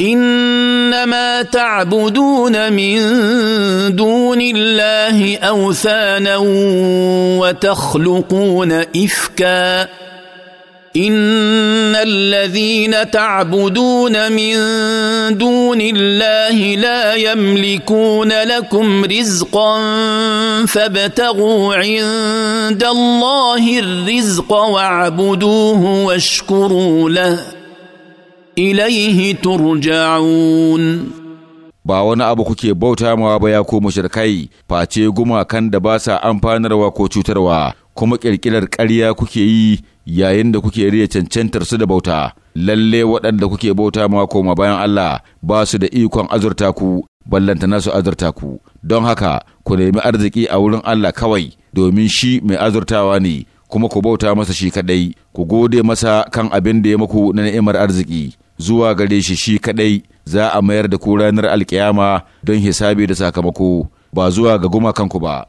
انما تعبدون من دون الله اوثانا وتخلقون افكا ان الذين تعبدون من دون الله لا يملكون لكم رزقا فابتغوا عند الله الرزق واعبدوه واشكروا له ilaihi turja'un ba wani abu kuke bauta mawa ba ya komo shirkai face gumakan da ba sa amfanarwa ko cutarwa kuma ƙirƙirar ƙarya kuke yi yayin da kuke riya cancantar su da bauta lalle waɗanda kuke bauta mawa koma bayan Allah ba su da ikon azurta ku ballantana su azurta ku don haka ku nemi arziki a wurin Allah kawai domin shi mai azurtawa ne kuma ku bauta masa shi kadai ku gode masa kan abin da ya muku na ni'imar arziki zuwa gare shi shi kaɗai za a mayar da ku ranar alkiyama don hisabi da sakamako ba zuwa ga gumakanku ba.